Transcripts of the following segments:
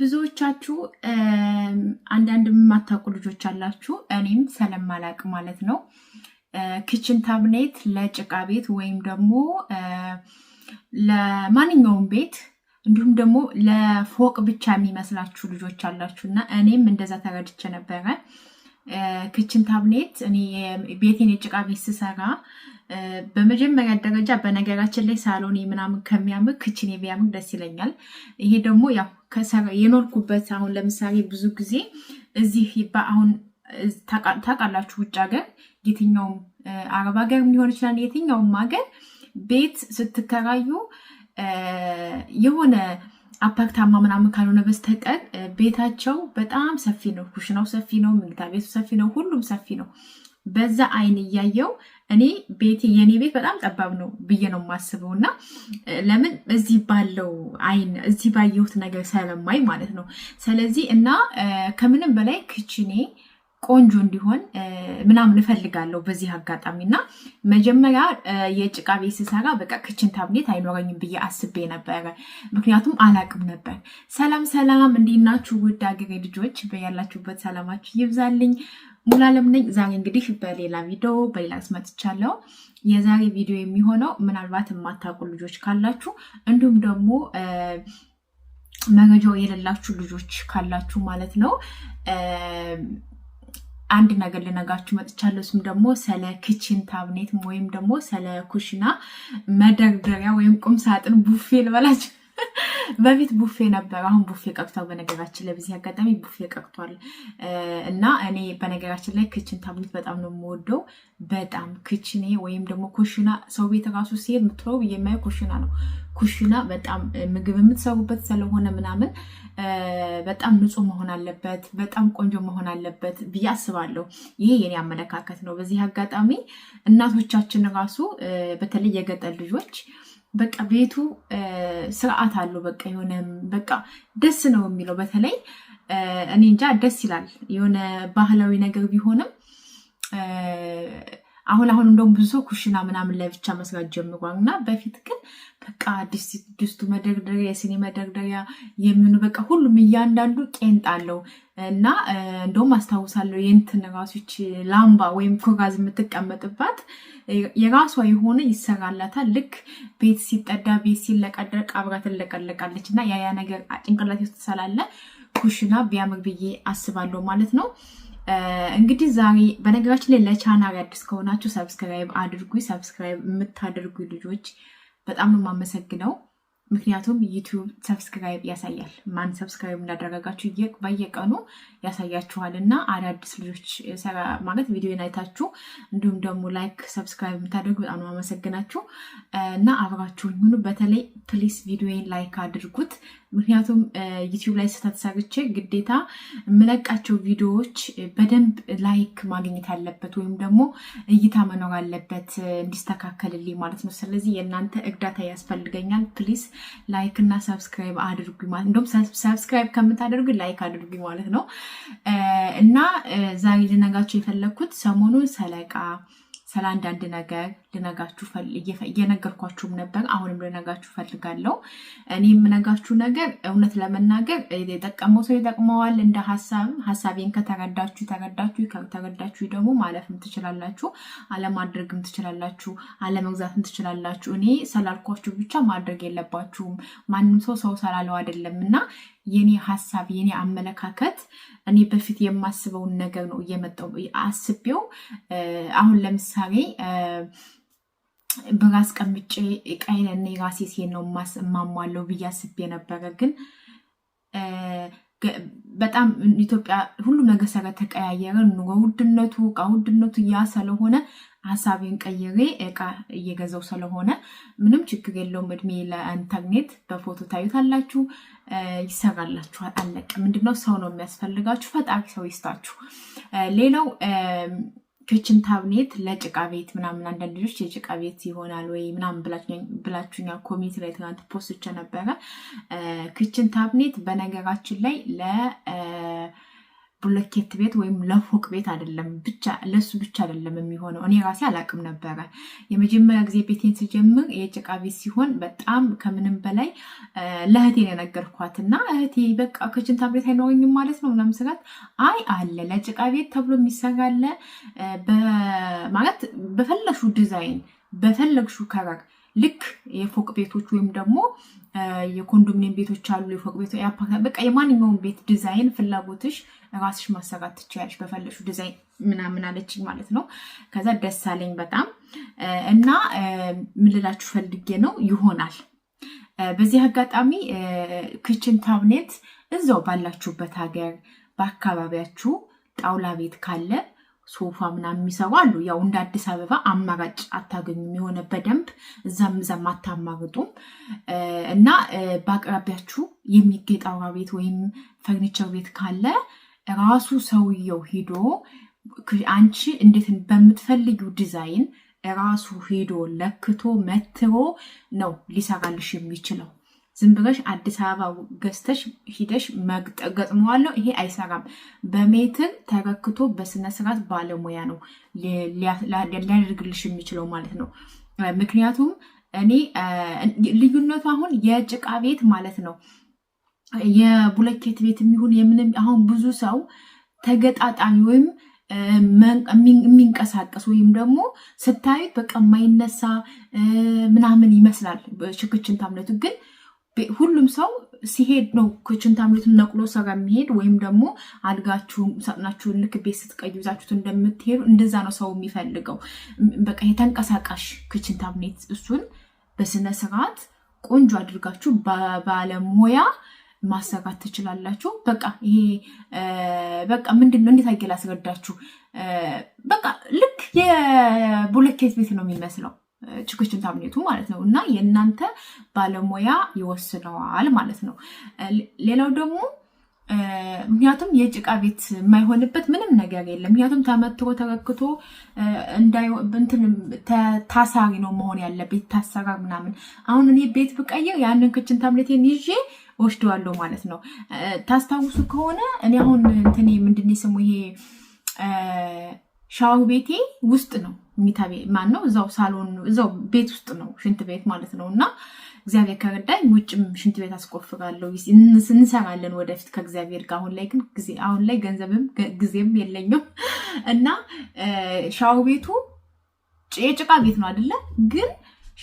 ብዙዎቻችሁ አንዳንድ የማታውቁ ልጆች አላችሁ። እኔም ሰለም ማላቅ ማለት ነው። ክችን ታብኔት ለጭቃ ቤት ወይም ደግሞ ለማንኛውም ቤት እንዲሁም ደግሞ ለፎቅ ብቻ የሚመስላችሁ ልጆች አላችሁ እና እኔም እንደዛ ተረድቼ ነበረ። ክችን ታብኔት እኔ ቤቴን የጭቃ ቤት ስሰራ በመጀመሪያ ደረጃ በነገራችን ላይ ሳሎኔ ምናምን ከሚያምር ክችን ቢያምር ደስ ይለኛል። ይሄ ደግሞ ያው የኖርኩበት አሁን ለምሳሌ ብዙ ጊዜ እዚህ አሁን ታውቃላችሁ፣ ውጭ ሀገር የትኛውም አረብ ሀገር ሊሆን ይችላል የትኛውም ሀገር ቤት ስትከራዩ የሆነ አፓርታማ ምናምን ካልሆነ በስተቀር ቤታቸው በጣም ሰፊ ነው። ኩሽናው ሰፊ ነው፣ መኝታ ቤቱ ሰፊ ነው፣ ሁሉም ሰፊ ነው። በዛ አይን እያየው እኔ ቤቴ የኔ ቤት በጣም ጠባብ ነው ብዬ ነው የማስበው። እና ለምን እዚህ ባለው አይን እዚህ ባየሁት ነገር ሰለማይ ማለት ነው። ስለዚህ እና ከምንም በላይ ክችኔ ቆንጆ እንዲሆን ምናምን እፈልጋለሁ በዚህ አጋጣሚ እና መጀመሪያ የጭቃ ቤት ስሰራ በቃ ክችን ታብኔት አይኖረኝም ብዬ አስቤ ነበረ፣ ምክንያቱም አላቅም ነበር። ሰላም ሰላም፣ እንዴት ናችሁ ውድ አገሬ ልጆች? በያላችሁበት ሰላማችሁ ይብዛልኝ። ሙሉዓለም ነኝ። ዛሬ እንግዲህ በሌላ ቪዲዮ በሌላ ስመጥቻለሁ። የዛሬ ቪዲዮ የሚሆነው ምናልባት የማታውቁ ልጆች ካላችሁ እንዲሁም ደግሞ መረጃው የሌላችሁ ልጆች ካላችሁ ማለት ነው አንድ ነገር ልነጋችሁ መጥቻለሁ። እሱም ደግሞ ስለ ክችን ታብኔት ወይም ደግሞ ስለ ኩሽና መደርደሪያ ወይም ቁም ሳጥን ቡፌ ልበላችሁ በፊት ቡፌ ነበር። አሁን ቡፌ ቀብተው በነገራችን ላይ በዚህ አጋጣሚ ቡፌ ቀብቷል እና እኔ በነገራችን ላይ ክችን ታብሌት በጣም ነው የምወደው። በጣም ክችኔ ወይም ደግሞ ኩሽና፣ ሰው ቤት ራሱ ሲሄድ የምትለው የማየው ኩሽና ነው። ኩሽና በጣም ምግብ የምትሰሩበት ስለሆነ ምናምን በጣም ንጹህ መሆን አለበት፣ በጣም ቆንጆ መሆን አለበት ብዬ አስባለሁ። ይሄ የኔ አመለካከት ነው። በዚህ አጋጣሚ እናቶቻችን ራሱ በተለይ የገጠር ልጆች በቃ ቤቱ ስርዓት አለው። በቃ የሆነ በቃ ደስ ነው የሚለው በተለይ እኔ እንጃ ደስ ይላል። የሆነ ባህላዊ ነገር ቢሆንም አሁን አሁን እንደውም ብዙ ሰው ኩሽና ምናምን ላይ ብቻ መስራት ጀምሯል እና በፊት ግን በቃ ድስቱ መደርደሪያ፣ የሲኒ መደርደሪያ የምኑ በቃ ሁሉም እያንዳንዱ ቄንጥ አለው እና እንደውም አስታውሳለሁ የእንትን ራሶች ላምባ ወይም ኩራዝ የምትቀመጥባት የራሷ የሆነ ይሰራላታል። ልክ ቤት ሲጠዳ ቤት ሲለቀደቅ አብራ ትለቀለቃለች እና ያያ ነገር ጭንቅላት ውስጥ ስላለ ኩሽና ቢያምር ብዬ አስባለሁ ማለት ነው። እንግዲህ ዛሬ በነገራችን ላይ ለቻናል አዲስ ከሆናችሁ ሰብስክራይብ አድርጉ። ሰብስክራይብ የምታደርጉ ልጆች በጣም ነው የማመሰግነው። ምክንያቱም ዩቲዩብ ሰብስክራይብ ያሳያል። ማን ሰብስክራይብ እንዳደረጋችሁ በየቀኑ ያሳያችኋል እና አዳዲስ ልጆች ሰራ ማለት ቪዲዮ አይታችሁ እንዲሁም ደግሞ ላይክ፣ ሰብስክራይብ የምታደርጉ በጣም ነው አመሰግናችሁ እና አብራችሁኝ ሁኑ። በተለይ ፕሊስ ቪዲዮን ላይክ አድርጉት። ምክንያቱም ዩቲዩብ ላይ ስህተት ሰርቼ ግዴታ የምለቃቸው ቪዲዮዎች በደንብ ላይክ ማግኘት አለበት ወይም ደግሞ እይታ መኖር አለበት እንዲስተካከልልኝ ማለት ነው። ስለዚህ የእናንተ እርዳታ ያስፈልገኛል። ፕሊስ ላይክ እና ሰብስክራይብ አድርጉኝ ማለት እንደውም ሰብስክራይብ ከምታደርጉ ላይክ አድርጉኝ ማለት ነው እና ዛሬ ልነጋቸው የፈለግኩት ሰሞኑን ሰለቃ ስለ አንዳንድ ነገር ልነጋችሁ እየነገርኳችሁም ነበር። አሁንም ልነጋችሁ ፈልጋለሁ። እኔ የምነጋችሁ ነገር እውነት ለመናገር የጠቀመው ሰው ይጠቅመዋል። እንደ ሀሳብ ሀሳቤን ከተረዳችሁ ተረዳችሁ፣ ከተረዳችሁ ደግሞ ማለፍም ትችላላችሁ፣ አለማድረግም ትችላላችሁ፣ አለመግዛትም ትችላላችሁ። እኔ ስላልኳችሁ ብቻ ማድረግ የለባችሁም። ማንም ሰው ሰው ሰላለው አይደለም እና የኔ ሀሳብ የኔ አመለካከት እኔ በፊት የማስበውን ነገር ነው እየመጣው አስቤው አሁን ለምሳሌ ብር አስቀምጬ ቀይን እኔ ራሴ ሴት ነው ማሟለው ብዬ አስቤ ነበረ ግን በጣም ኢትዮጵያ ሁሉ ነገር ተቀያየረ። ኑሮ ውድነቱ እቃ ውድነቱ እያ ስለሆነ ሀሳቤን ቀይሬ እቃ እየገዛው ስለሆነ ምንም ችግር የለውም። እድሜ ለኢንተርኔት በፎቶ ታዩታላችሁ፣ ይሰራላችኋል። አለቀ። ምንድነው ሰው ነው የሚያስፈልጋችሁ። ፈጣሪ ሰው ይስጣችሁ። ሌላው ክችን ታብኔት ለጭቃ ቤት ምናምን አንዳንድ ልጆች የጭቃ ቤት ይሆናል ወይ ምናምን ብላችሁኛል። ኮሚኒቲ ላይ ትናንት ፖስት ነበረ። ክችን ታብኔት በነገራችን ላይ ለ ብሎኬት ቤት ወይም ለፎቅ ቤት አይደለም ብቻ ለሱ ብቻ አይደለም የሚሆነው። እኔ ራሴ አላቅም ነበረ። የመጀመሪያ ጊዜ ቤቴን ስጀምር የጭቃ ቤት ሲሆን በጣም ከምንም በላይ ለእህቴ የነገርኳት እና እህቴ በቃ ከችን ቤት አይኖረኝም ማለት ነው ምናምን ስራት፣ አይ አለ ለጭቃ ቤት ተብሎ የሚሰራለ ማለት በፈለሹ ዲዛይን በፈለግሹ ከረር ልክ የፎቅ ቤቶች ወይም ደግሞ የኮንዶሚኒየም ቤቶች አሉ። የፎቅ ቤቶ በቃ የማንኛውም ቤት ዲዛይን ፍላጎትሽ ራስሽ ማሰራት ትችያለሽ፣ በፈለሹ ዲዛይን ምናምን አለችኝ ማለት ነው። ከዛ ደስ አለኝ በጣም እና ምልላችሁ ፈልጌ ነው ይሆናል በዚህ አጋጣሚ ክችን ካብኔት እዛው ባላችሁበት ሀገር በአካባቢያችሁ ጣውላ ቤት ካለ ሶፋ ምናምን የሚሰሩ አሉ። ያው እንደ አዲስ አበባ አማራጭ አታገኙም። የሆነ በደንብ እዛም እዛም አታማርጡም። እና በአቅራቢያችሁ የሚገኝ ጣውራ ቤት ወይም ፈርኒቸር ቤት ካለ ራሱ ሰውየው ሂዶ አንቺ እንዴት በምትፈልጊው ዲዛይን ራሱ ሄዶ ለክቶ መትሮ ነው ሊሰራልሽ የሚችለው። ዝም ብለሽ አዲስ አበባ ገዝተሽ ሂደሽ ገጥመዋለሁ። ይሄ አይሰራም። በሜትር ተረክቶ በስነስርዓት ባለሙያ ነው ሊያደርግልሽ የሚችለው ማለት ነው። ምክንያቱም እኔ ልዩነቱ አሁን የጭቃ ቤት ማለት ነው የቡለኬት ቤት የሚሆን የምንም አሁን ብዙ ሰው ተገጣጣሚ ወይም የሚንቀሳቀስ ወይም ደግሞ ስታዩት በቃ የማይነሳ ምናምን ይመስላል ሽክችን ታምነቱ ግን ሁሉም ሰው ሲሄድ ነው ክችን ታምሌቱን ነቅሎ ሰው ጋር የሚሄድ ወይም ደግሞ አልጋችሁ ሳጥናችሁን ልክ ቤት ስትቀዩ ይዛችሁት እንደምትሄዱ እንደዛ ነው ሰው የሚፈልገው። በቃ የተንቀሳቃሽ ክችን ታምሌት እሱን በስነ ስርዓት ቆንጆ አድርጋችሁ ባለሙያ ማሰራት ትችላላችሁ። በቃ ይሄ በቃ ምንድን ነው እንዴት አጌ በቃ ልክ የብሎኬት ቤት ነው የሚመስለው ችኩችን ታብኔቱ ማለት ነው እና የእናንተ ባለሙያ ይወስነዋል ማለት ነው። ሌላው ደግሞ ምክንያቱም የጭቃ ቤት የማይሆንበት ምንም ነገር የለም። ምክንያቱም ተመትሮ ተረክቶ ታሳሪ ነው መሆን ያለበት ታሰራር ምናምን። አሁን እኔ ቤት ብቀይር ያንን ክችን ታብኔቴን ይዤ ወስደዋለሁ ማለት ነው። ታስታውሱ ከሆነ እኔ አሁን እንትኔ ምንድን ስሙ ይሄ ሻው ቤቴ ውስጥ ነው ሚታ ማን ነው እዛው ሳሎን እዛው ቤት ውስጥ ነው ሽንት ቤት ማለት ነው። እና እግዚአብሔር ከረዳኝ ውጭም ሽንት ቤት አስቆፍራለሁ እንሰራለን ወደፊት ከእግዚአብሔር ጋር። አሁን ላይ ግን አሁን ላይ ገንዘብም ጊዜም የለኝም እና ሻው ቤቱ የጭቃ ቤት ነው አይደለ? ግን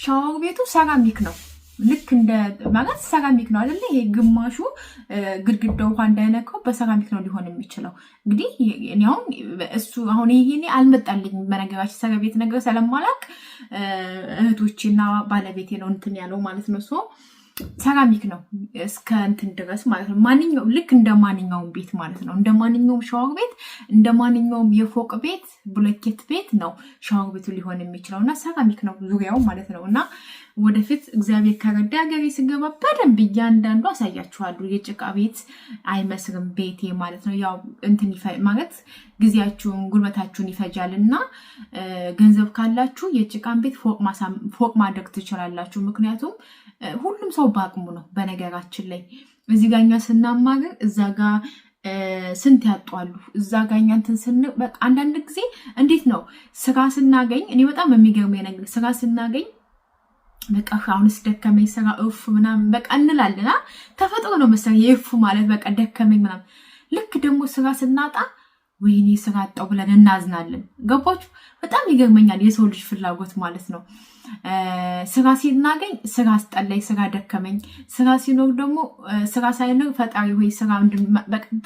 ሻው ቤቱ ሰራሚክ ነው። ልክ እንደ ማለት ሰራሚክ ነው አይደለ? ይሄ ግማሹ ግድግዳ ውሃ እንዳይነካው በሰራሚክ ነው ሊሆን የሚችለው። እንግዲህ አሁን እሱ አሁን ይሄኔ አልመጣልኝ በነገራችን ሰራ ቤት ነገር ስለማላቅ እህቶቼና ባለቤቴ ነው እንትን ያለው ማለት ነው። ሶ ሰራሚክ ነው እስከ እንትን ድረስ ማለት ነው። ማንኛው ልክ እንደ ማንኛውም ቤት ማለት ነው። እንደ ማንኛውም ሻወር ቤት፣ እንደ ማንኛውም የፎቅ ቤት፣ ብሎኬት ቤት ነው ሻወር ቤቱ ሊሆን የሚችለው እና ሰራሚክ ነው ዙሪያው ማለት ነው እና ወደፊት እግዚአብሔር ከረዳ ሀገሬ ስገባ በደንብ እያንዳንዱ አሳያችኋሉ። የጭቃ ቤት አይመስርም ቤቴ ማለት ነው። ያው እንትን ማለት ጊዜያችሁን ጉልበታችሁን ይፈጃል እና ገንዘብ ካላችሁ የጭቃን ቤት ፎቅ ማድረግ ትችላላችሁ። ምክንያቱም ሁሉም ሰው በአቅሙ ነው። በነገራችን ላይ እዚህ ጋኛ ስናማርን እዛ ጋ ስንት ያጧሉ እዛ ጋኛ እንትን ስን አንዳንድ ጊዜ እንዴት ነው ስራ ስናገኝ እኔ በጣም የሚገርመኝ ነገር ስራ ስናገኝ በቃ አሁንስ ደከመኝ ስራ እፉ ምናምን በቃ እንላለና ተፈጥሮ ነው መሰለኝ የእፉ ማለት በቃ ደከመኝ ምናምን። ልክ ደግሞ ስራ ስናጣ ወይኔ ስራ አጣው ብለን እናዝናለን። ገባችሁ? በጣም ይገርመኛል የሰው ልጅ ፍላጎት ማለት ነው። ስራ ሲናገኝ ስራ አስጠላኝ፣ ስራ ደከመኝ፣ ስራ ሲኖር ደግሞ ስራ ሳይኖር ፈጣሪ ወይ ስራ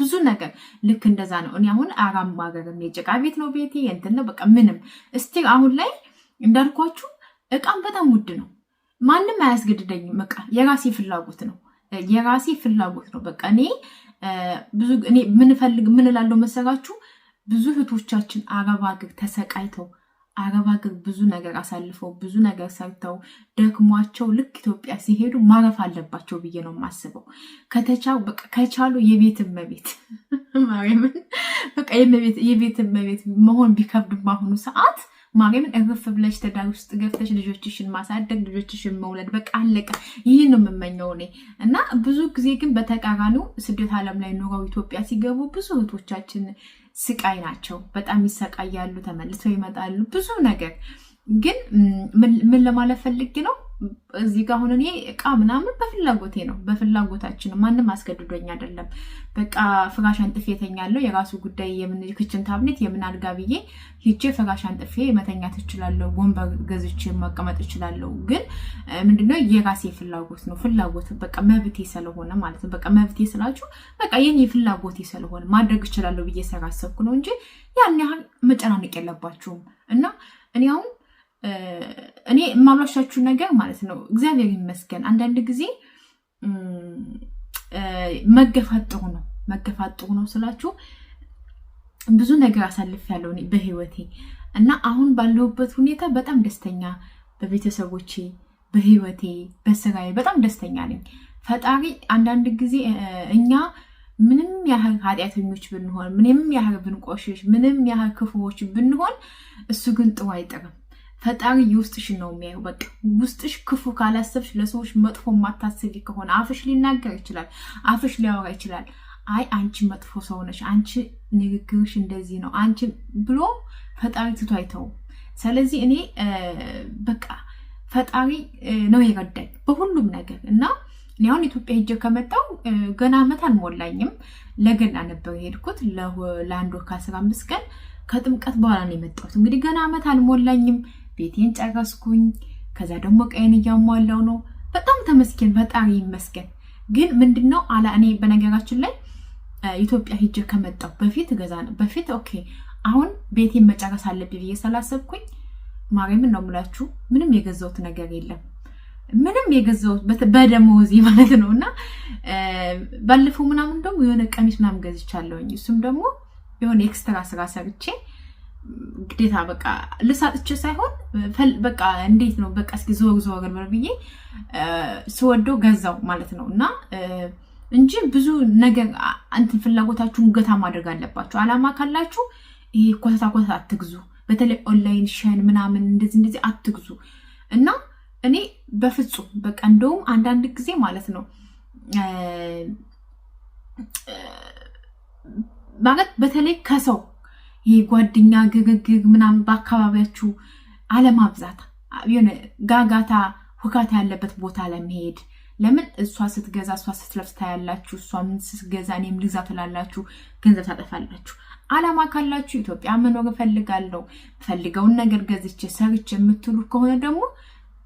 ብዙ ነገር ልክ እንደዛ ነው። እኔ አሁን አራም ማገርም የጭቃ ቤት ነው ቤቴ እንትን ነው በቃ ምንም እስቲ አሁን ላይ እንዳልኳችሁ እቃም በጣም ውድ ነው ማንም አያስገድደኝም። በቃ የራሴ ፍላጎት ነው የራሴ ፍላጎት ነው። በቃ እኔ ብዙ እኔ ምንፈልግ ምን እላለሁ መሰራችሁ ብዙ እህቶቻችን አረብ አገር ተሰቃይተው አረብ አገር ብዙ ነገር አሳልፈው ብዙ ነገር ሰርተው ደክሟቸው ልክ ኢትዮጵያ ሲሄዱ ማረፍ አለባቸው ብዬ ነው የማስበው። ከቻሉ የቤት እመቤት ማርያምን በቃ የቤት እመቤት መሆን ቢከብድም በአሁኑ ሰዓት ማርያምን እርፍ ብለሽ ትዳር ውስጥ ገብተሽ ልጆችሽን ማሳደግ ልጆችሽን መውለድ በቃ አለቀ። ይህ ነው የምመኘው እኔ እና ብዙ ጊዜ ግን በተቃራኒው ስደት ዓለም ላይ ኖረው ኢትዮጵያ ሲገቡ ብዙ እህቶቻችን ስቃይ ናቸው። በጣም ይሰቃያሉ፣ ተመልሰው ይመጣሉ። ብዙ ነገር ግን ምን ለማለት ፈልጌ ነው እዚህ ጋር አሁን እኔ እቃ ምናምን በፍላጎቴ ነው፣ በፍላጎታችን ማንም አስገድዶኝ አይደለም። በቃ ፍራሽ አንጥፌ የተኛለው የራሱ ጉዳይ። የምን ክችን ታብሌት የምን አልጋ ብዬ ሂጄ ፍራሽ አንጥፌ መተኛት እችላለሁ፣ ወንበር ገዝቼ መቀመጥ እችላለሁ። ግን ምንድነው የራሴ ፍላጎት ነው፣ ፍላጎት በቃ መብቴ ስለሆነ ማለት ነው። በቃ መብቴ ስላችሁ በቃ የኔ ፍላጎቴ ስለሆነ ማድረግ እችላለሁ ብዬ ስላሰብኩ ነው እንጂ ያን ያህል መጨናነቅ የለባችሁም እና እኔ አሁን እኔ የማብላሻችሁ ነገር ማለት ነው። እግዚአብሔር ይመስገን አንዳንድ ጊዜ መገፋት ጥሩ ነው። መገፋት ጥሩ ነው ስላችሁ ብዙ ነገር አሳልፍ ያለው በህይወቴ እና አሁን ባለሁበት ሁኔታ በጣም ደስተኛ፣ በቤተሰቦቼ፣ በህይወቴ፣ በስራዬ በጣም ደስተኛ ነኝ። ፈጣሪ አንዳንድ ጊዜ እኛ ምንም ያህል ኃጢአተኞች ብንሆን፣ ምንም ያህል ብንቆሽሽ፣ ምንም ያህል ክፉዎች ብንሆን እሱ ግን ጥሩ አይጥርም። ፈጣሪ የውስጥሽን ነው የሚያየው። በቃ ውስጥሽ ክፉ ካላሰብሽ፣ ለሰዎች መጥፎ የማታስቢ ከሆነ አፍሽ ሊናገር ይችላል፣ አፍሽ ሊያወራ ይችላል። አይ አንቺ መጥፎ ሰው ነሽ፣ አንቺ ንግግርሽ እንደዚህ ነው፣ አንቺ ብሎ ፈጣሪ ትቶ አይተውም። ስለዚህ እኔ በቃ ፈጣሪ ነው የረዳኝ በሁሉም ነገር እና እኔ አሁን ኢትዮጵያ ሄጀ ከመጣው ገና ዓመት አልሞላኝም። ለገና ነበር የሄድኩት ለአንድ ወር ከአስራ አምስት ቀን ከጥምቀት በኋላ ነው የመጣሁት። እንግዲህ ገና ዓመት አልሞላኝም። ቤቴን ጨረስኩኝ። ከዛ ደግሞ ቀይን እያሟላው ነው። በጣም ተመስገን፣ ፈጣሪ ይመስገን። ግን ምንድነው አላ እኔ በነገራችን ላይ ኢትዮጵያ ሂጅ ከመጣሁ በፊት ገዛ ነው በፊት ኦኬ፣ አሁን ቤቴን መጨረስ አለብኝ ብዬ ስላሰብኩኝ ማርያምን ነው የምላችሁ፣ ምንም የገዛሁት ነገር የለም ምንም የገዛሁት በደሞዜ ማለት ነው። እና ባለፈው ምናምን ደግሞ የሆነ ቀሚስ ምናምን ገዝቻለሁኝ። እሱም ደግሞ የሆነ ኤክስትራ ስራ ሰርቼ ግዴታ በቃ ልሳጥቼ ሳይሆን በቃ እንዴት ነው በቃ እስኪ ዘወግ ዘወግን ብር ብዬ ስወደው ገዛው ማለት ነው እና እንጂ ብዙ ነገር እንትን ፍላጎታችሁን ገታ ማድረግ አለባችሁ። አላማ ካላችሁ ይሄ ኮተታ ኮተታ አትግዙ። በተለይ ኦንላይን ሸን ምናምን እንደዚህ እንደዚህ አትግዙ እና እኔ በፍጹም በቃ እንደውም አንዳንድ ጊዜ ማለት ነው ማለት በተለይ ከሰው ይህ ጓደኛ ግግግግ ምናምን በአካባቢያችሁ አለማብዛት፣ የሆነ ጋጋታ ሁካታ ያለበት ቦታ ለመሄድ ለምን እሷ ስትገዛ እሷ ስትለብስታ ያላችሁ እሷ ምን ስትገዛ እኔም ልግዛ ትላላችሁ፣ ገንዘብ ታጠፋላችሁ። አላማ ካላችሁ ኢትዮጵያ መኖር እፈልጋለሁ ፈልገውን ነገር ገዝቼ ሰርች የምትሉ ከሆነ ደግሞ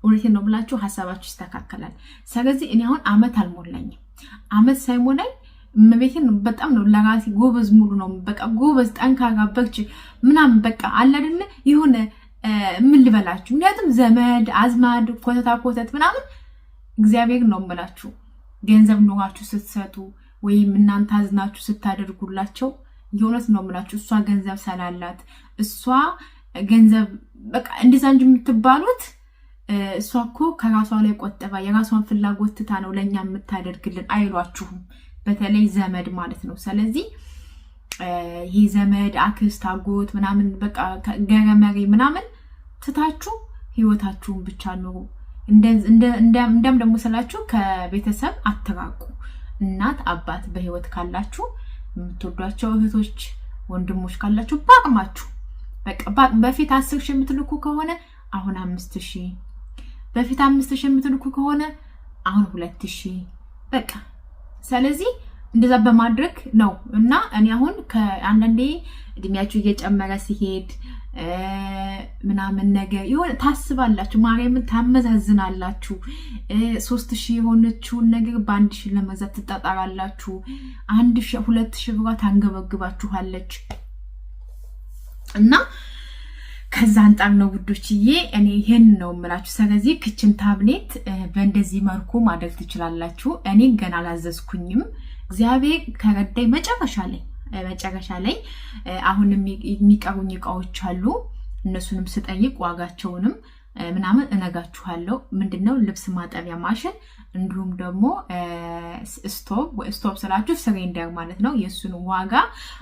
እውነቴ ነው ብላችሁ ሀሳባችሁ ይስተካከላል። ስለዚህ እኔ አሁን አመት አልሞላኝም። አመት ሳይሞላኝ እመቤቴን በጣም ነው ለራሴ ጎበዝ ሙሉ ነው በቃ ጎበዝ ጠንካራ በርች ምናምን በቃ አለ አይደለ የሆነ ምን ልበላችሁ። ምክንያቱም ዘመድ አዝማድ ኮተታ ኮተት ምናምን እግዚአብሔር ነው ምላችሁ ገንዘብ ኖራችሁ ስትሰጡ ወይም እናንተ አዝናችሁ ስታደርጉላቸው የእውነት ነው ምላችሁ እሷ ገንዘብ ሰላላት እሷ ገንዘብ በቃ እንደዛ እንጂ የምትባሉት እሷ እኮ ከራሷ ላይ ቆጠባ የራሷን ፍላጎት ትታ ነው ለእኛ የምታደርግልን አይሏችሁም። በተለይ ዘመድ ማለት ነው። ስለዚህ ይህ ዘመድ አክስት፣ አጎት ምናምን በቃ ምናምን ትታችሁ ህይወታችሁን ብቻ ኑሩ። እንደም ደግሞ ስላችሁ ከቤተሰብ አትራቁ። እናት አባት በህይወት ካላችሁ የምትወዷቸው እህቶች ወንድሞች ካላችሁ በአቅማችሁ በፊት አስር ሺህ የምትልኩ ከሆነ አሁን አምስት ሺህ በፊት አምስት ሺህ የምትልኩ ከሆነ አሁን ሁለት ሺህ በቃ ስለዚህ እንደዛ በማድረግ ነው እና እኔ አሁን ከአንዳንዴ እድሜያችሁ እየጨመረ ሲሄድ ምናምን ነገር የሆነ ታስባላችሁ፣ ማርያምን ታመዛዝናላችሁ። ሶስት ሺህ የሆነችውን ነገር በአንድ ሺህ ለመግዛት ትጣጣራላችሁ። አንድ ሁለት ሺህ ብሯ ታንገበግባችኋለች እና ከዛ አንጻር ነው ውዶችዬ፣ እኔ ይህን ነው የምላችሁ። ስለዚህ ክችን ታብሌት በእንደዚህ መልኩ ማድረግ ትችላላችሁ። እኔ ገና አላዘዝኩኝም። እግዚአብሔር ከረዳኝ መጨረሻ ላይ መጨረሻ ላይ አሁን የሚቀሩኝ እቃዎች አሉ። እነሱንም ስጠይቅ ዋጋቸውንም ምናምን እነጋችኋለሁ። ምንድነው ልብስ ማጠቢያ ማሽን እንዲሁም ደግሞ ስቶቭ ስቶቭ ስላችሁ ስሬንደር ማለት ነው። የእሱን ዋጋ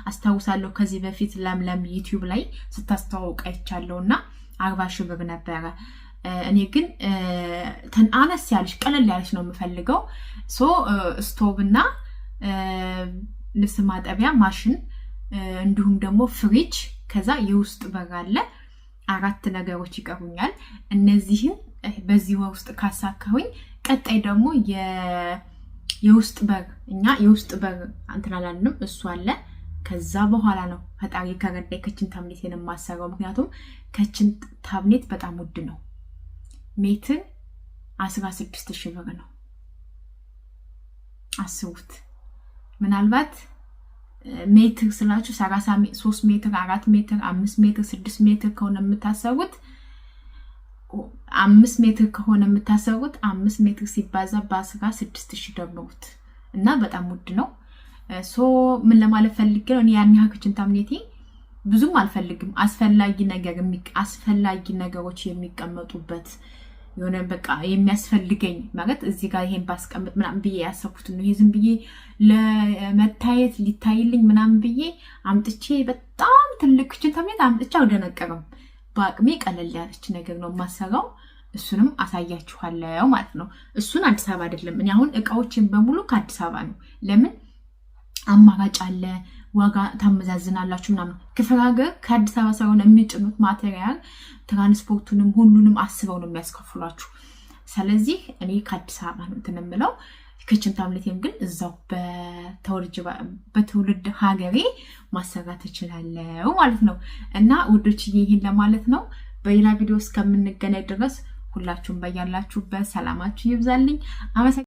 አስታውሳለሁ። ከዚህ በፊት ለምለም ዩቲዩብ ላይ ስታስተዋውቅ አይቻለሁ እና አርባ ሺህ ብር ነበረ። እኔ ግን ተንአነስ ያለች ቀለል ያለች ነው የምፈልገው። ሶ ስቶቭ እና ልብስ ማጠቢያ ማሽን እንዲሁም ደግሞ ፍሪጅ ከዛ የውስጥ በር አለ አራት ነገሮች ይቀሩኛል። እነዚህን በዚህ ወር ውስጥ ካሳካሁኝ ቀጣይ ደግሞ የውስጥ በር እኛ የውስጥ በር እንትን አላልንም፣ እሱ አለ። ከዛ በኋላ ነው ፈጣሪ ከረዳይ ከችን ታብኔት የማሰራው። ምክንያቱም ከችን ታብኔት በጣም ውድ ነው። ሜትር አስራ ስድስት ሺህ ብር ነው። አስቡት ምናልባት ሜትር ስላችሁ ሰላሳ ሶስት ሜትር አራት ሜትር አምስት ሜትር ስድስት ሜትር ከሆነ የምታሰሩት አምስት ሜትር ከሆነ የምታሰሩት አምስት ሜትር ሲባዛ በአስራ ስድስት ሺ ደምሩት እና በጣም ውድ ነው። ሶ ምን ለማለት ፈልግ ነው ያን ያህል ክችን ታምኔቴ ብዙም አልፈልግም። አስፈላጊ ነገር አስፈላጊ ነገሮች የሚቀመጡበት የሆነ በቃ የሚያስፈልገኝ ማለት እዚህ ጋር ይሄን ባስቀምጥ ምናምን ብዬ ያሰብኩትን ነው። ይሄ ዝም ብዬ ለመታየት ሊታይልኝ ምናምን ብዬ አምጥቼ በጣም ትልቅ ክችን ተሜት አምጥቼ በአቅሜ ቀለል ያለች ነገር ነው የማሰራው። እሱንም አሳያችኋለው ማለት ነው። እሱን አዲስ አበባ አይደለም እኔ አሁን እቃዎችን በሙሉ ከአዲስ አበባ ነው። ለምን አማራጭ አለ ዋጋ ታመዛዝናላችሁ ምናምን። ክፍለ ሀገር ከአዲስ አበባ ሳይሆን የሚጭኑት ማቴሪያል ትራንስፖርቱንም ሁሉንም አስበው ነው የሚያስከፍሏችሁ። ስለዚህ እኔ ከአዲስ አበባ ነው እንትን የምለው ክችን ታብሌቴም ግን እዛው በትውልድ ሀገሬ ማሰራት እችላለሁ ማለት ነው። እና ውዶች ይህን ለማለት ነው። በሌላ ቪዲዮ እስከምንገናኝ ድረስ ሁላችሁም በያላችሁበት ሰላማችሁ ይብዛልኝ። አመሰግናለሁ።